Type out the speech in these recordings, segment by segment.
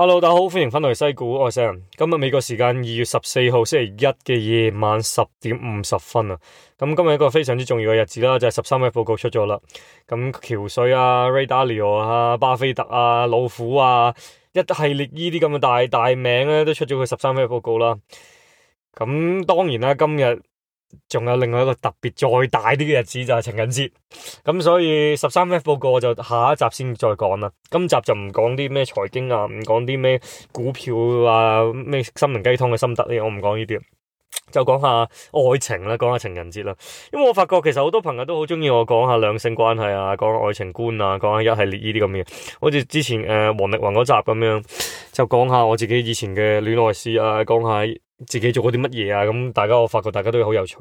Hello，大家好，歡迎返到嚟西股。我係 Sam。今日美國時間二月十四號星期一嘅夜晚十點五十分啊，咁今日一個非常之重要嘅日子啦，就係十三頁報告出咗啦。咁橋水啊、Ray Dalio 啊、巴菲特啊、老虎啊，一系列呢啲咁嘅大大名咧，都出咗佢十三頁報告啦。咁當然啦，今日。仲有另外一個特別再大啲嘅日子就係情人節，咁所以十三 F 報告我就下一集先再講啦。今集就唔講啲咩財經啊，唔講啲咩股票啊，咩心靈雞湯嘅心得呢，我唔講呢啲，就講下愛情啦，講下情人節啦，因為我發覺其實好多朋友都好中意我講下兩性關係啊，講下愛情觀啊，講下一系列呢啲咁嘅，好似之前誒王力宏嗰集咁樣，就講下我自己以前嘅戀愛史啊，講下。自己做過啲乜嘢啊？咁大家我發覺大家都好有趣，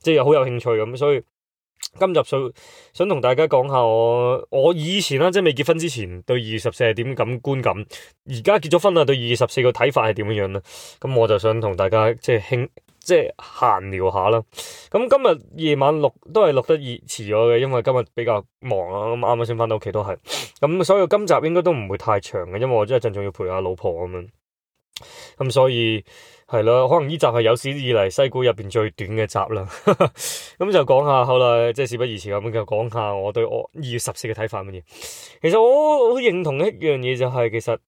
即係好有興趣咁，所以今集想想同大家講下我我以前啦、啊，即係未結婚之前對二十四點感觀感，而家結咗婚啦，對二十四個睇法係點樣樣呢？咁我就想同大家即係傾即係閒聊下啦。咁今日夜晚錄都係錄得遲咗嘅，因為今日比較忙啦、啊。咁啱啱先翻到屋企都係，咁所以今集應該都唔會太長嘅，因為我即係仲要陪下老婆咁樣，咁所以。係咯，可能呢集係有史以嚟西股入邊最短嘅集啦。咁就講下，好啦，即係事不宜遲咁講下，我對我二月十四嘅睇法係乜嘢。其實我好認同一樣嘢、就係，就係其實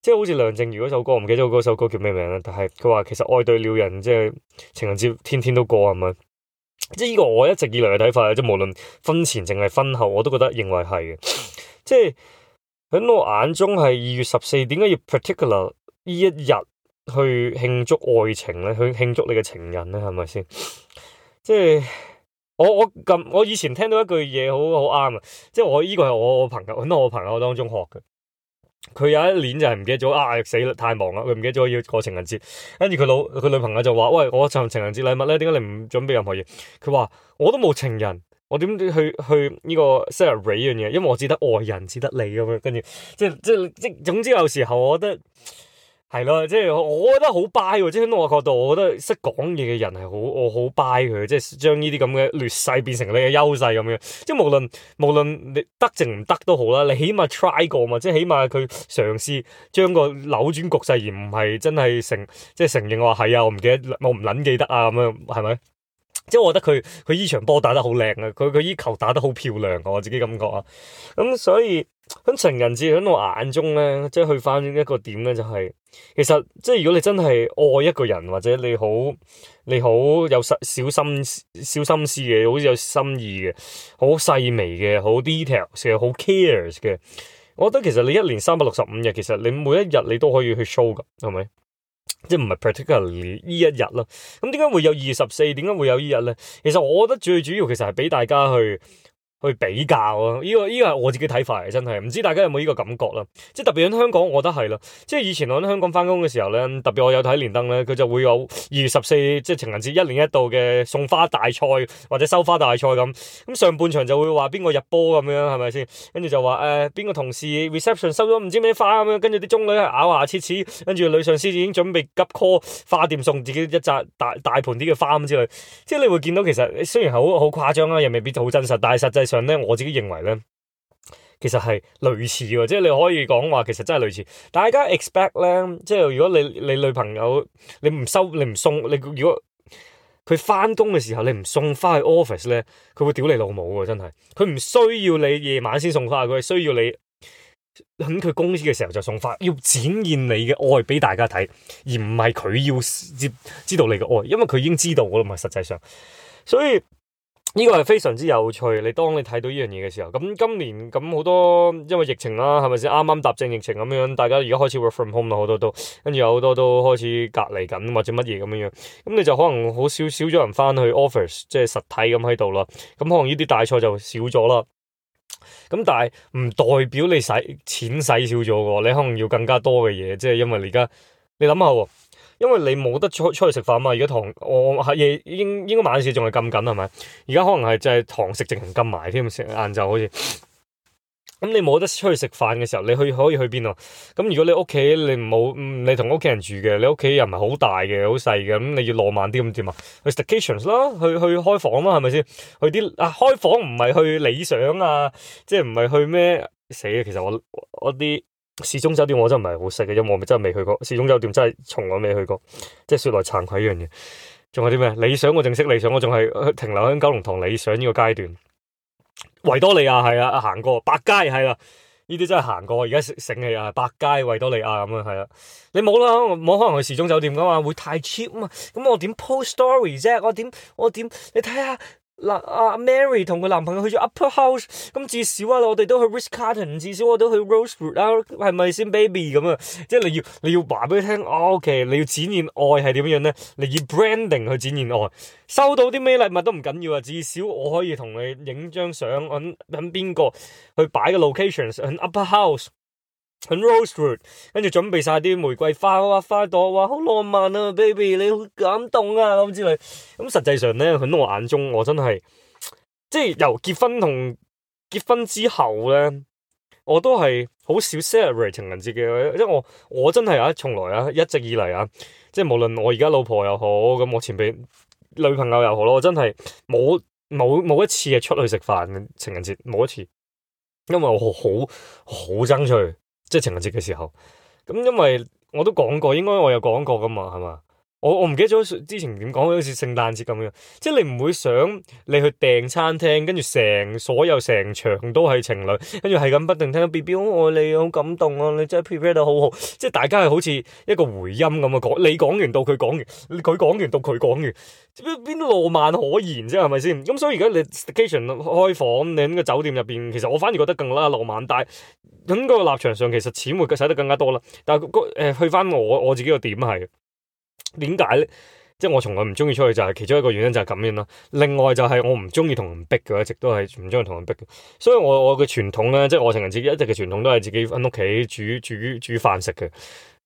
即係好似梁靜茹嗰首歌，我唔記得嗰首歌叫咩名啦。但係佢話其實愛對了人，即係情人節天天都過，係咪？即係呢個我一直以來嘅睇法即係無論婚前定係婚後，我都覺得認為係嘅。即係喺我眼中係二月十四點解要 particular 呢一日？去慶祝愛情咧，去慶祝你嘅情人咧，係咪先？即係我我咁，我以前聽到一句嘢好好啱啊！即係我呢個係我我朋友，喺我朋友我當中學嘅。佢有一年就係唔記得咗啊！死啦，太忙啦，佢唔記得咗要過情人節。跟住佢老佢女朋友就話：喂，我就情人節禮物咧，點解你唔準備任何嘢？佢話我都冇情人，我點點去去呢個 salary 樣嘢？因為我只得愛人，只得你咁樣。跟住即係即係即係，總之有時候我覺得。係咯，即係我覺得好 buy，即係喺我角度，我覺得識講嘢嘅人係好，我好 buy 佢，即係將呢啲咁嘅劣勢變成你嘅優勢咁樣。即係無論無論你得定唔得都好啦，你起碼 try 過嘛，即係起碼佢嘗試將個扭轉局勢，而唔係真係承即係承認話係啊，我唔記得我唔捻記得啊咁樣，係咪？即係我覺得佢佢呢場波打得好靚啊，佢佢呢球打得好漂，漂亮，我自己感覺啊，咁所以。喺情人節喺我眼中咧，即係去翻一個點咧，就係、是、其實即係如果你真係愛一個人，或者你好你好有細小心小心思嘅，好似有心意嘅，好細微嘅，好 detail 嘅，好 cares 嘅。我覺得其實你一年三百六十五日，其實你每一日你都可以去 show 噶，係咪？即係唔係 particularly 呢一日啦。咁點解會有二月十四？點解會有呢日咧？其實我覺得最主要其實係俾大家去。去比較啊，呢、這個呢、這個係我自己睇法嚟、啊，真係唔知大家有冇呢個感覺啦、啊。即係特別喺香港，我覺得係啦。即係以前我喺香港翻工嘅時候咧，特別我有睇連登咧，佢就會有二月十四，即係情人節一年一度嘅送花大賽或者收花大賽咁。咁上半場就會話邊個入波咁樣，係咪先？跟住就話誒，邊、呃、個同事 reception 收咗唔知咩花咁樣，跟住啲中女咬牙切齒，跟住女上司已經準備急 call 花店送自己一紮大大盤啲嘅花咁之類。即係你會見到其實雖然好好誇張啦、啊，又未必好真實，但係實際。實際上咧，我自己認為咧，其實係類似嘅，即係你可以講話，其實真係類似。大家 expect 咧，即係如果你你女朋友你唔收你唔送你，如果佢翻工嘅時候你唔送返去 office 咧，佢會屌你老母嘅，真係。佢唔需要你夜晚先送花，佢需要你喺佢公司嘅時候就送花，要展現你嘅愛俾大家睇，而唔係佢要知知道你嘅愛，因為佢已經知道，㗎啦嘛。實際上，所以。呢個係非常之有趣。你當你睇到呢樣嘢嘅時候，咁今年咁好多，因為疫情啦，係咪先啱啱踏正疫情咁樣，大家而家開始 work from home 啦，好多都跟住有好多都開始隔離緊或者乜嘢咁樣。咁你就可能好少少咗人翻去 office，即係實體咁喺度啦。咁可能呢啲大菜就少咗啦。咁但係唔代表你使錢使少咗喎。你可能要更加多嘅嘢，即係因為你而家你諗下喎。因為你冇得出，出去食飯嘛，而家堂我係應應該晚市仲係咁緊，係咪？而家可能係就係堂食直情禁埋添，食晏晝好似。咁、嗯、你冇得出，出去食飯嘅時候，你去可以去邊度？咁、嗯、如果你屋企你冇，你同屋企人住嘅，你屋企又唔係好大嘅，好細嘅，咁、嗯、你要浪漫啲咁點啊？去 staycations 啦，去去開房啦，係咪先？去啲啊開房唔係去理想啊，即係唔係去咩死啊？其實我我啲。我市中酒店我真係唔係好識嘅，因為我真係未去過市中酒店，真係從來未去過，即係說來慚愧一樣嘢。仲有啲咩理想我正識理想我仲係停留喺九龍塘理想呢個階段，維多利亞係啊，行過百佳係啊，呢啲真係行過。而家醒起啊，百佳維多利亞咁啊係啊。你冇啦，冇可能去市中酒店噶嘛，會太 cheap 啊嘛，咁我點 post story 啫？我點我點？你睇下。嗱，阿、啊、Mary 同佢男朋友去咗 Upper House，咁至少啊，我哋都去 Ritz Carlton，至少我都去 Rosewood 啊啦，係咪先 Baby 咁啊？即係你要，你要話俾佢聽，OK，你要展現愛係點樣咧？你要 branding 去展現愛，收到啲咩禮物都唔緊要啊，至少我可以同你影張相，揾揾邊個去擺個 location 喺 Upper House。rose 跟住準備晒啲玫瑰花啊，花朵哇好浪漫啊，baby 你好感動啊咁之類，咁、嗯、實際上咧喺我眼中，我真係即係由結婚同結婚之後咧，我都係好少 celebrate 情人節嘅，因為我我真係啊從來啊一直以嚟啊，即係無論我而家老婆又好，咁我前邊女朋友又好咯，我真係冇冇冇一次係出去食飯情人節冇一次，因為我好好，好爭取。即係情人節嘅時候，咁因為我都講過，應該我有講過㗎嘛，係嘛？我我唔記得咗之前點講，好似聖誕節咁樣，即係你唔會想你去訂餐廳，跟住成所有成場都係情侶，跟住係咁不停聽 B B 好愛你，好感動啊！你真 prepare 得好好，即係大家係好似一個回音咁啊，講你講完到佢講完，佢講完到佢講完，邊度浪漫可言啫？係咪先？咁所以而家你 staycation 開房，你喺個酒店入邊，其實我反而覺得更加浪漫，但係喺嗰個立場上，其實錢會使得更加多啦。但係個、呃、去翻我我自己個點係。點解咧？即係我從來唔中意出去，就是，就係其中一個原因就係咁樣咯。另外就係我唔中意同人逼嘅，一直都係唔中意同人逼嘅。所以我我嘅傳統咧，即係情人節一直嘅傳統都係自己返屋企煮煮煮，煮飯食嘅，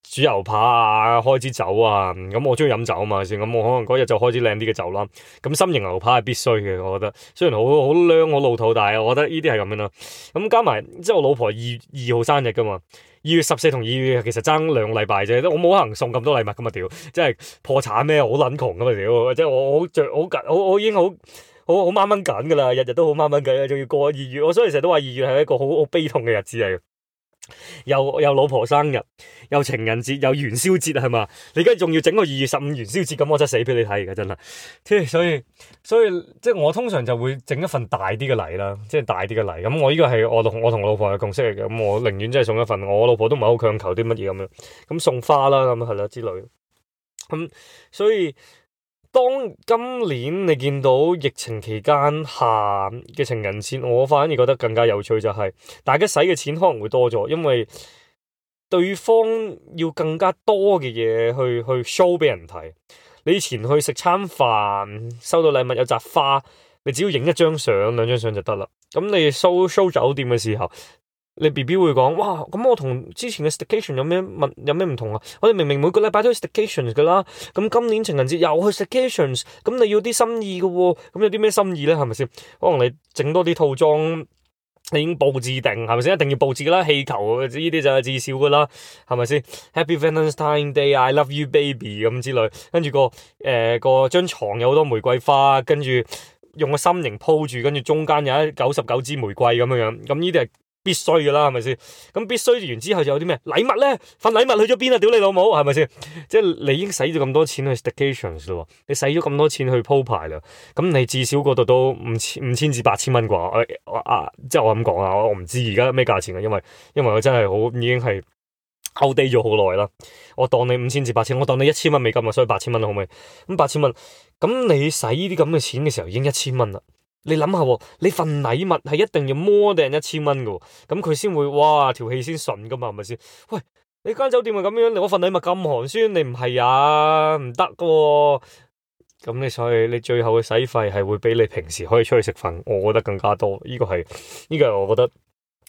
煮牛扒啊，開支酒啊。咁、嗯、我中意飲酒啊嘛，先咁、嗯、我可能嗰日就開支靚啲嘅酒啦。咁、嗯、心型牛扒係必須嘅，我覺得雖然好好靚好老土，但係我覺得呢啲係咁樣咯。咁、嗯、加埋即係我老婆二二號生日噶嘛。二月十四同二月，其實爭兩個禮拜啫，我冇可能送咁多禮物噶嘛，屌！即係破產咩？我好撚窮噶嘛，屌！即係我好著好緊，我我已經好好好掹掹緊噶啦，日日都好掹掹緊，仲要過二月，我所以成日都話二月係一個好好悲痛嘅日子嚟。又又老婆生日，又情人節，又元宵節係嘛？你而家仲要整個二月十五元宵節咁，我真係死俾你睇而家真係，所以所以，所以即係我通常就會整一份大啲嘅禮啦，即係大啲嘅禮。咁、嗯、我呢個係我同我同老婆嘅共識嚟嘅。咁、嗯、我寧願即係送一份，我老婆都唔係好強求啲乜嘢咁樣。咁、嗯、送花啦，咁係啦之類。咁、嗯、所以。當今年你見到疫情期間下嘅情人節，我反而覺得更加有趣就係，大家使嘅錢可能會多咗，因為對方要更加多嘅嘢，去去 show 俾人睇。你以前去食餐飯，收到禮物有扎花，你只要影一張相、兩張相就得啦。咁你 show show 酒店嘅時候。你 B B 會講哇咁、嗯、我同之前嘅 staycation 有咩問有咩唔同啊？我哋明明每個禮拜都 staycation 噶啦，咁今年情人節又去 staycation，咁你要啲心意噶喎，咁有啲咩心意咧？係咪先？可能你整多啲套裝，你已經佈置定，係咪先？一定要佈置噶啦，氣球呢啲就係至少噶啦，係咪先？Happy Valentine's Day，I love you，baby 咁之類，跟住個誒、呃、個張床有好多玫瑰花，跟住用個心形鋪住，跟住中間有一九十九支玫瑰咁樣樣，咁呢啲係。這必須噶啦，係咪先？咁必須完之後就有啲咩禮物咧？份禮物去咗邊啊？屌你老母，係咪先？即係你已經使咗咁多錢去 station 咯，你使咗咁多錢去鋪排啦。咁你至少嗰度都五千五千至八千蚊啩？哎啊，即係我咁講啊，我唔知而家咩價錢啊，因為因為佢真係好已經係 outdate 咗好耐啦。我當你五千至八千，我當你一千蚊美金啊，所以八千蚊啦，好唔好？咁八千蚊，咁你使呢啲咁嘅錢嘅時候已經一千蚊啦。你諗下，你份禮物係一定要摸定一千蚊㗎，咁佢先會，哇條氣先順噶嘛，係咪先？喂，你間酒店係咁樣，我份禮物咁寒酸，你唔係呀，唔得㗎。咁你所以你最後嘅使費係會比你平時可以出去食飯，我覺得更加多。呢個係，呢個係我覺得。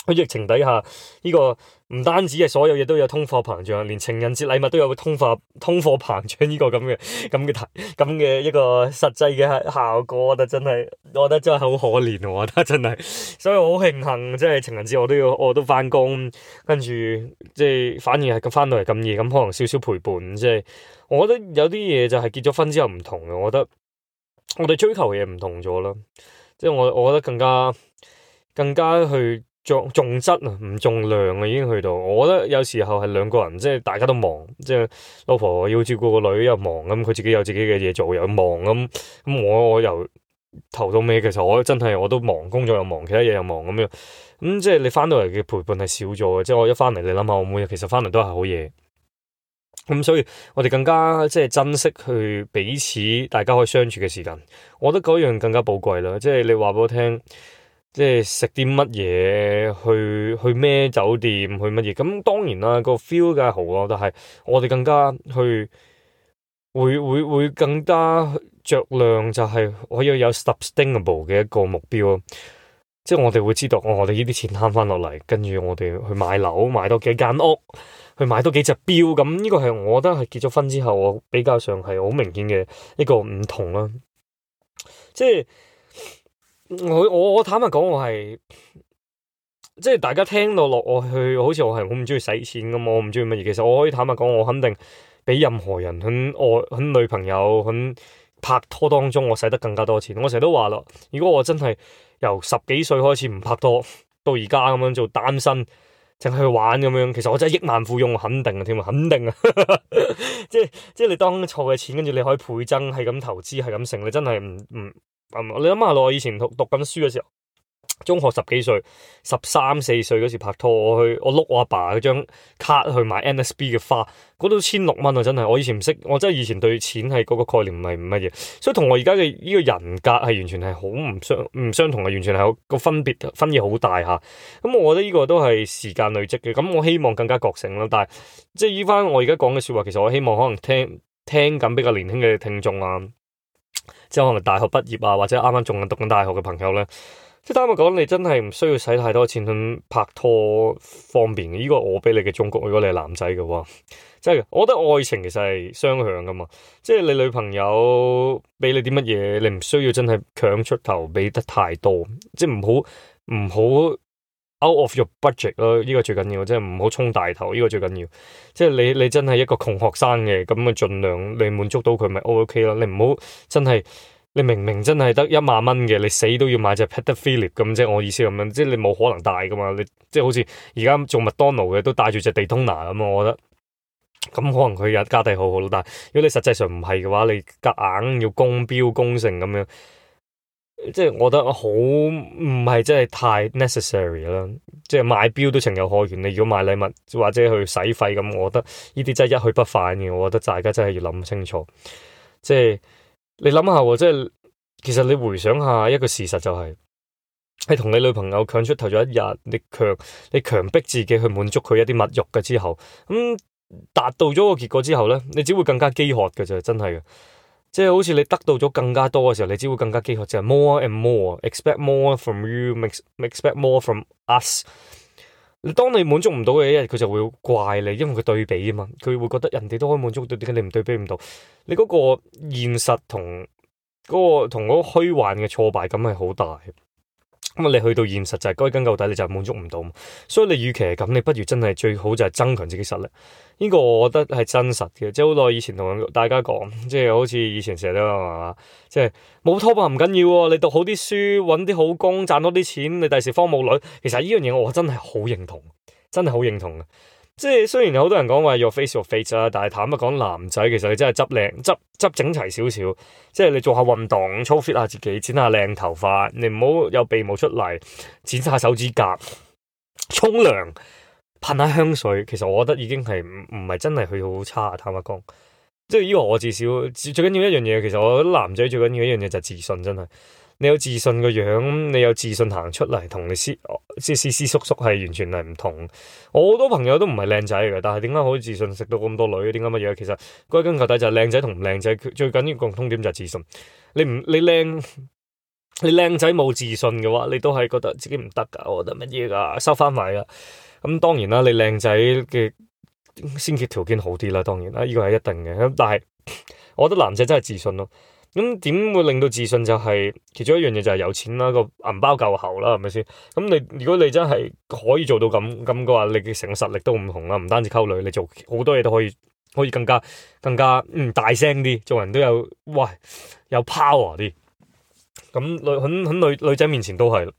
喺疫情底下，呢個唔單止係所有嘢都有通貨膨脹，連情人節禮物都有通貨膨脹呢個咁嘅咁嘅咁嘅一個實際嘅效果，我覺得真係，我覺得真係好可憐。我覺得真係，所以我好慶幸，即係情人節我都要我都翻工，跟住即係反而係翻到嚟咁夜，咁可能少少陪伴。即係我覺得有啲嘢就係結咗婚之後唔同嘅，我覺得我哋追求嘢唔同咗啦。即係我我覺得更加更加去。重重質啊，唔重量啊，已經去到。我覺得有時候係兩個人，即係大家都忙，即係老婆要照顧個女又忙咁，佢自己有自己嘅嘢做又忙咁。咁、嗯嗯、我我由頭到尾，其實我真係我都忙，工作又忙，其他嘢又忙咁樣。咁、嗯、即係你翻到嚟嘅陪伴係少咗，即係我一翻嚟你諗下，我每日其實翻嚟都係好夜。咁、嗯、所以，我哋更加即係珍惜去彼此大家可以相處嘅時間。我覺得嗰樣更加寶貴啦。即係你話俾我聽。即係食啲乜嘢，去去咩酒店，去乜嘢咁？當然啦，個 feel 梗係好咯，但係我哋更加去會會會更加着量，就係可以有 sustainable 嘅一個目標，即係我哋會知道，哦、我哋呢啲錢慳翻落嚟，跟住我哋去買樓，買多幾間屋，去買多幾隻表，咁呢個係我覺得係結咗婚之後，我比較上係好明顯嘅一個唔同啦，即係。.我我我坦白講，我係即係大家聽到落我去，好似我係好唔中意使錢咁，我唔中意乜嘢。其實我可以坦白講，我肯定比任何人喺愛喺女朋友喺拍拖當中，我使得更加多錢。我成日都話啦，如果我真係由十幾歲開始唔拍拖，到而家咁樣做單身淨係去玩咁樣，其實我真係億萬富翁，我肯定啊，添啊，肯定啊！ 即係即係你當初嘅錢，跟住你可以倍增，係咁投資，係咁成，你真係唔唔。嗯、你諗下咯，我以前讀讀緊書嘅時候，中學十幾歲、十三四歲嗰時拍拖，我去我碌我阿爸嗰張卡去買 NSB 嘅花，嗰度千六蚊啊，真係！我以前唔識，我真係以前對錢係嗰個概念唔係唔乜嘢，所以同我而家嘅呢個人格係完全係好唔相唔相同嘅，完全係個分別分別好大吓。咁、嗯、我覺得呢個都係時間累積嘅，咁、嗯、我希望更加覺醒啦。但係即係呢翻我而家講嘅說話，其實我希望可能聽聽緊比較年輕嘅聽眾啊。即係可能大學畢業啊，或者啱啱仲讀緊大學嘅朋友咧，即係坦白講，你真係唔需要使太多錢去拍拖方面呢、呢個我俾你嘅忠告，如果你係男仔嘅話，即係我覺得愛情其實係雙向噶嘛。即係你女朋友俾你啲乜嘢，你唔需要真係強出頭俾得太多，即係唔好唔好。out of your budget 咯，呢個最緊要，即係唔好充大頭，呢個最緊要。即係你你真係一個窮學生嘅，咁啊盡量你滿足到佢咪 O K 啦。你唔好真係你明明真係得一萬蚊嘅，你死都要買隻 Patek Philippe 咁啫。即係我意思咁樣，即係你冇可能帶噶嘛。你即係好似而家做麥當勞嘅都帶住隻地通拿咁，我覺得咁可能佢有家底好好，但係如果你實際上唔係嘅話，你夾硬要攻標攻成咁樣。即係我覺得好唔係真係太 necessary 啦。即係買表都情有可原，你如果買禮物或者去使費咁，我覺得呢啲真係一去不返嘅。我覺得大家真係要諗清楚。即係你諗下，即係其實你回想下一個事實就係、係，你同你女朋友強出頭咗一日，你強你強逼自己去滿足佢一啲物欲嘅之後，咁、嗯、達到咗個結果之後咧，你只會更加飢渴嘅啫，真係嘅。即係好似你得到咗更加多嘅時候，你只會更加飢渴，就係 more and more，expect more from you，expect more from us。你當你滿足唔到嘅一日，佢就會怪你，因為佢對比啊嘛，佢會覺得人哋都可以滿足到，點解你唔對比唔到？你嗰個現實同嗰個同嗰個虛幻嘅挫敗感係好大。咁啊，你去到現實就係歸根究底，你就係滿足唔到，所以你與其係咁，你不如真係最好就係增強自己實力。呢個我覺得係真實嘅，即係好耐以前同大家講，即係好似以前成日都話，即係冇拖拍唔緊要，你讀好啲書，搵啲好，好工，賺多啲錢，你第時方冇女。其實呢樣嘢我真係好認同，真係好認同嘅。即係雖然有好多人講話要 face 若 face 啦，但係坦白講，男仔其實你真係執靚、執執整齊少少，即係你做下運動，操 fit 下自己，剪下靚頭髮，你唔好有鼻毛出嚟，剪下手指甲，沖涼，噴下香水。其實我覺得已經係唔唔係真係去好差啊！坦白講，即係呢個我至少最緊要一樣嘢，其實我覺得男仔最緊要一樣嘢就係自信，真係。你有自信個樣，你有自信行出嚟，同你師師師叔叔係完全係唔同。我好多朋友都唔係靚仔嘅，但係點解好自信，食到咁多女？啲咁嘅嘢？其實歸根究底就係靚仔同唔靚仔，最緊要共通點就係自信。你唔你靚你靚仔冇自信嘅話，你都係覺得自己唔得㗎，我覺得乜嘢㗎，收翻埋㗎。咁當然啦，你靚仔嘅先決條件好啲啦，當然啦，呢個係一定嘅。咁但係，我覺得男仔真係自信咯。咁點會令到自信？就係其中一樣嘢就係有錢啦，個銀包夠厚啦，係咪先？咁你如果你真係可以做到咁咁嘅話，你嘅成個實力都唔同啦。唔單止溝女，你做好多嘢都可以，可以更加更加嗯大聲啲，做人都有，哇，有 power 啲。咁喺，喺，女女仔面前都係。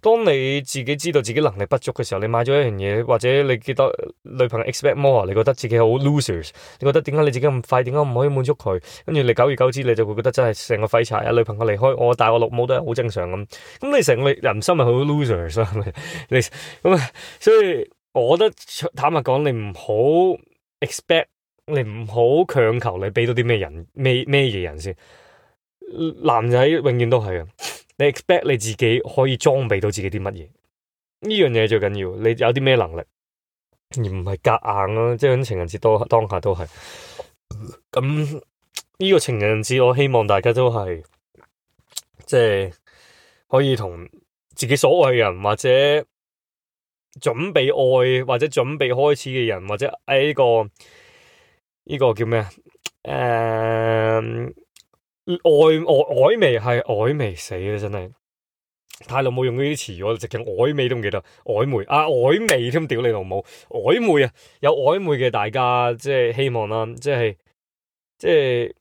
當你自己知道自己能力不足嘅時候，你買咗一樣嘢，或者你覺得女朋友 expect more，你覺得自己好 losers，你覺得點解你自己咁快，點解唔可以滿足佢？跟住你久而久之，你就會覺得真係成個廢柴啊！女朋友離開我，帶我綠帽都係好正常咁。咁你成個人生咪好 losers 啊？ 你咁啊？所以我覺得坦白講，你唔好 expect，你唔好強求你俾到啲咩人咩咩嘢人先。男仔永遠都係啊。你 expect 你自己可以裝備到自己啲乜嘢？呢樣嘢最緊要，你有啲咩能力，而唔係夾硬咯。即係喺情人節多當下都係。咁呢個情人節，我希望大家都係，即係可以同自己所愛嘅人，或者準備愛或者準備開始嘅人，或者喺呢個呢個叫咩啊？誒、um。曖曖曖昧係曖昧死啦，真係太耐冇用呢啲詞語，直情曖昧都唔記得曖昧啊曖昧添，屌你老母曖昧啊，有曖昧嘅大家即係希望啦，即係即係。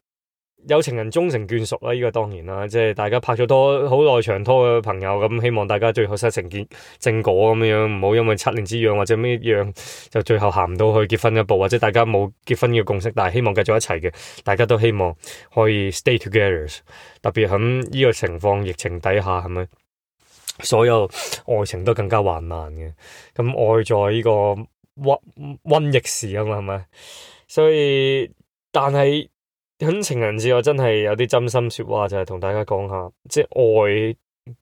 有情人終成眷屬啦，呢個當然啦，即係大家拍咗拖好耐長拖嘅朋友，咁希望大家最後修成正果咁樣，唔好因為七年之癢或者咩樣就最後行唔到去結婚一步，或者大家冇結婚嘅共識，但係希望繼續一齊嘅，大家都希望可以 stay together。特別喺呢個情況疫情底下，係咪所有愛情都更加困難嘅？咁愛在呢個瘟,瘟疫時啊嘛，係咪？所以但係。咁、嗯、情人節我真係有啲真心說話，就係、是、同大家講下，即係愛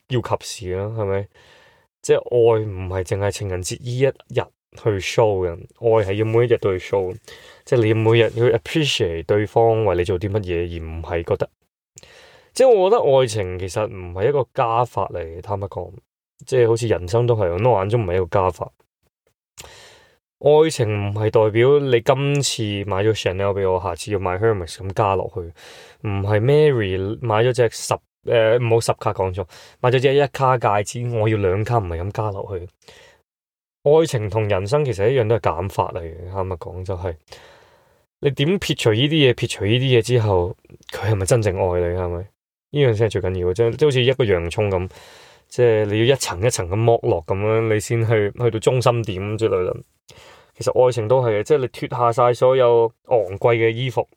要及時啦，係咪？即係愛唔係淨係情人節呢一日去 show 嘅，愛係要每一日都去 show，即係你要每日要 appreciate 對方為你做啲乜嘢，而唔係覺得。即係我覺得愛情其實唔係一個加法嚟，坦白講，即係好似人生都係咁，我眼中唔係一個加法。愛情唔係代表你今次買咗 Chanel 俾我，下次要買 Hermes 咁加落去，唔係 Mary 買咗隻十誒，唔好十卡講錯，買咗隻一卡戒指，我要兩卡，唔係咁加落去。愛情同人生其實一樣都係減法嚟嘅，啱唔啱講就係你點撇除呢啲嘢？撇除呢啲嘢之後，佢係咪真正愛你？係咪呢樣先係最緊要嘅。即係好似一個洋葱咁，即係你要一層一層咁剝落，咁樣你先去去到中心點之類啦。其實愛情都係嘅，即係你脱下晒所有昂貴嘅衣服，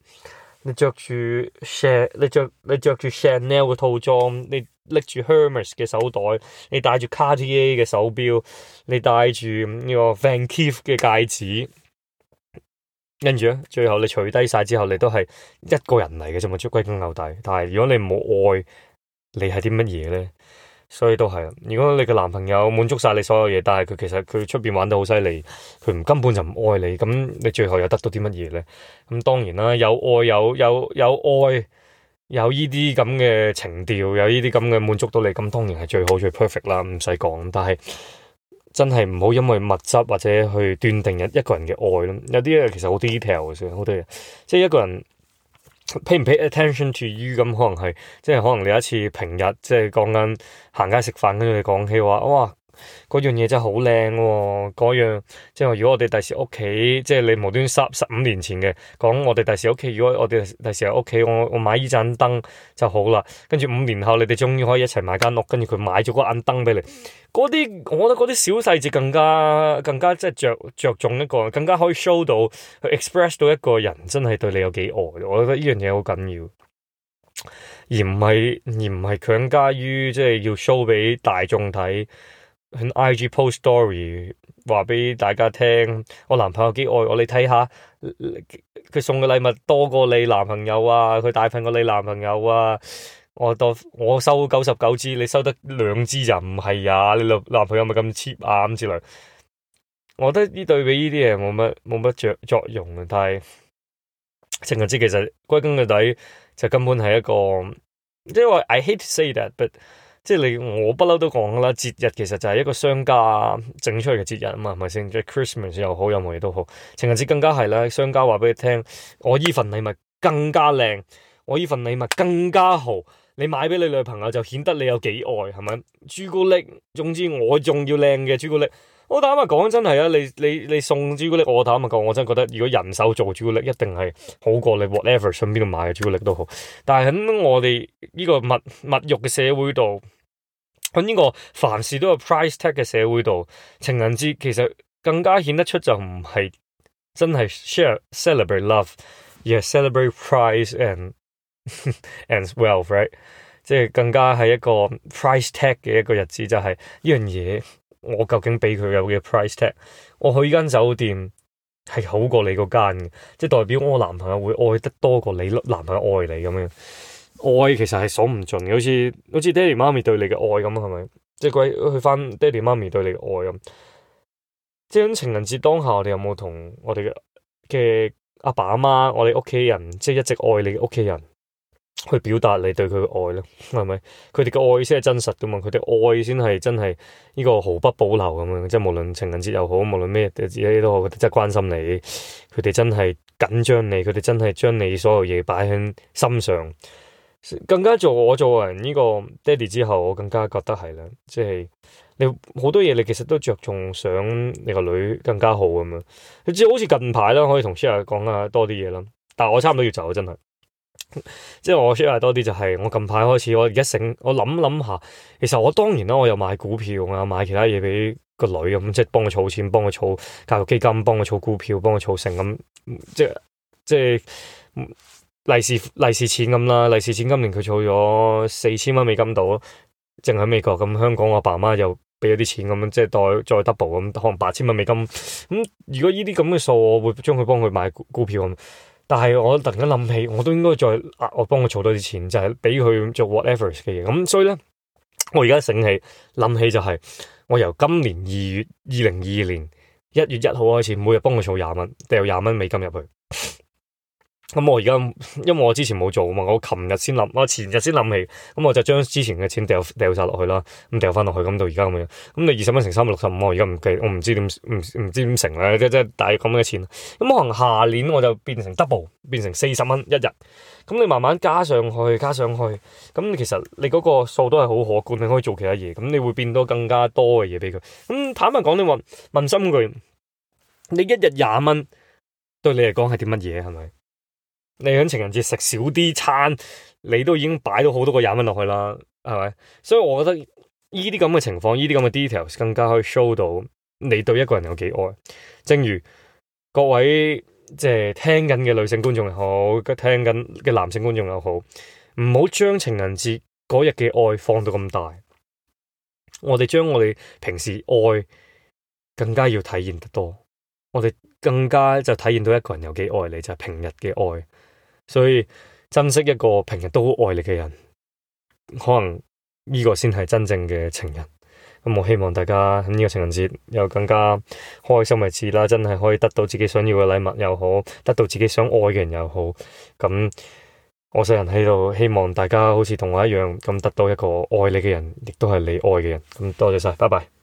你着住 Ch 你，你着你着住 Chanel 嘅套裝，你拎住 Hermes 嘅手袋，你戴住 Cartier 嘅手錶，你戴住呢個 Van Cleef 嘅戒指，跟住咧，最後你除低晒之後，你都係一個人嚟嘅啫嘛，出歸根到底。但係如果你冇愛，你係啲乜嘢咧？所以都係，如果你嘅男朋友滿足晒你所有嘢，但係佢其實佢出邊玩得好犀利，佢唔根本就唔愛你，咁你最後又得到啲乜嘢咧？咁當然啦，有愛有有有愛，有呢啲咁嘅情調，有呢啲咁嘅滿足到你，咁當然係最好最 perfect 啦，唔使講。但係真係唔好因為物質或者去斷定一一個人嘅愛咯。有啲嘢其實好 detail 嘅算好多嘢，即係一個人。Pay 唔 pay attention to you 咁，可能係即係可能你有一次平日，即係講緊行街食飯，跟住你講起話哇。嗰樣嘢真係好靚喎！嗰樣即係如果我哋第時屋企，即係你無端十十五年前嘅講，講我哋第時屋企，如果我哋第時屋企，我我買呢盞燈就好啦。跟住五年後，你哋終於可以一齊買間屋，跟住佢買咗個盞燈俾你。嗰啲我覺得嗰啲小細節更加更加即係着着重一個，更加可以 show 到去 express 到一個人真係對你有幾愛。我覺得呢樣嘢好緊要，而唔係而唔係強加於即係要 show 俾大眾睇。IG post story 話畀大家聽，我男朋友幾愛我，你睇下佢送嘅禮物多過你男朋友啊，佢大份過你男朋友啊，我收九十九支，你收得兩支就唔係啊。你男朋友咪咁 cheap 啊？咁之類，我覺得呢對比呢啲嘢冇乜冇乜作作用嘅。但係情瓊芝其實歸根到底，就根本係一個，因為 I hate to say that, but 即係你我不嬲都講噶啦，節日其實就係一個商家整出嚟嘅節日啊嘛，係咪先？即係 Christmas 又好，任何嘢都好，情人節更加係啦。商家話俾你聽，我呢份禮物更加靚，我呢份禮物更加豪。你買俾你女朋友就顯得你有幾愛，係咪？朱古力，總之我仲要靚嘅朱古力。我坦白講真係啊，你你你送朱古力，我坦白講，我真覺得如果人手做朱古力，一定係好過你 whatever 順便買嘅朱古力都好。但係喺我哋呢個物物欲嘅社會度。喺呢個凡事都有 price tag 嘅社會度，情人節其實更加顯得出就唔係真係 share celebrate love，而係 celebrate price and and wealth, right？即係更加係一個 price tag 嘅一個日子，就係、是、呢樣嘢我究竟俾佢有嘅 price tag，我去呢間酒店係好過你嗰間嘅，即係代表我男朋友會愛得多過你男朋友愛你咁樣。愛其實係數唔盡，好似好似爹地媽咪對你嘅愛咁，係咪？即係歸去翻爹地媽咪對你嘅愛咁。即係喺情人節當下，我哋有冇同我哋嘅阿爸阿媽、我哋屋企人，即係一直愛你嘅屋企人，去表達你對佢嘅愛呢？係咪？佢哋嘅愛先係真實噶嘛？佢哋愛先係真係呢個毫不保留咁樣。即係無論情人節又好，無論咩嘢都好，即係關心你，佢哋真係緊張你，佢哋真係將你所有嘢擺喺心上。更加做我做人呢個爹哋之後，我更加覺得係啦，即係你好多嘢，你其實都着重想你個女更加好咁樣。即係好似近排啦，可以同 share 講下多啲嘢啦。但我差唔多要走，真係。即係我 share 多啲就係我近排開始，我而家醒，我諗諗下，其實我當然啦，我又買股票啊，我又買其他嘢俾個女咁，即係幫佢儲錢，幫佢儲教育基金，幫佢儲股票，幫佢儲成。咁、嗯，即係即係。就是利是利是錢咁啦，利是錢今年佢儲咗四千蚊美金到，淨喺美國。咁香港我爸媽又俾咗啲錢咁樣，即係再再 double 咁，可能八千蚊美金。咁、嗯、如果呢啲咁嘅數，我會將佢幫佢買股票咁。但係我突然間諗起，我都應該再我幫佢儲多啲錢，就係俾佢做 whatever 嘅嘢。咁所以咧，我而家醒起，諗起就係、是、我由今年二月二零二二年一月一號開始，每日幫佢儲廿蚊，掉廿蚊美金入去。咁、嗯、我而家，因為我之前冇做啊嘛，我琴日先諗，我前日先諗起，咁、嗯、我就將之前嘅錢掉掉晒落去啦，咁掉翻落去，咁到而家咁樣。咁、嗯、你二十蚊乘三百六十五，我而家唔計，我唔知點唔知點乘咧，即係即係大約咁嘅錢。咁可能下年我就變成 double，變成四十蚊一日。咁、嗯、你慢慢加上去，加上去，咁、嗯、其實你嗰個數都係好可觀，你可以做其他嘢，咁、嗯、你會變到更加多嘅嘢俾佢。咁、嗯、坦白講，你問問心句，你一日廿蚊，對你嚟講係啲乜嘢？係咪？你喺情人節食少啲餐，你都已經擺到好多個廿蚊落去啦，係咪？所以我覺得呢啲咁嘅情況，呢啲咁嘅 details 更加可以 show 到你對一個人有幾愛。正如各位即係聽緊嘅女性觀眾又好，聽緊嘅男性觀眾又好，唔好將情人節嗰日嘅愛放到咁大。我哋將我哋平時愛更加要體現得多，我哋更加就體現到一個人有幾愛你，就係平日嘅愛。所以珍惜一個平日都好愛你嘅人，可能呢個先係真正嘅情人。咁我希望大家喺呢個情人節又更加開心為止啦，真係可以得到自己想要嘅禮物又好，得到自己想愛嘅人又好。咁我四人喺度，希望大家好似同我一樣咁，得到一個愛你嘅人，亦都係你愛嘅人。咁多謝晒，拜拜。